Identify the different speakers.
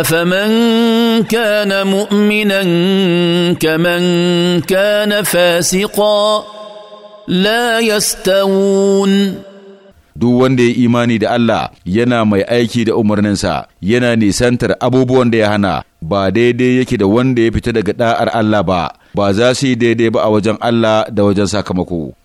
Speaker 1: افمن كان مؤمنا كمن
Speaker 2: كان فاسقا لا يستوون duk wanda ya imani da Allah yana mai aiki da umarninsa yana nisantar abubuwan da ya hana ba daidai yake da wanda ya fita daga da'ar Allah ba ba za su yi daidai ba a wajen Allah da wajen sakamako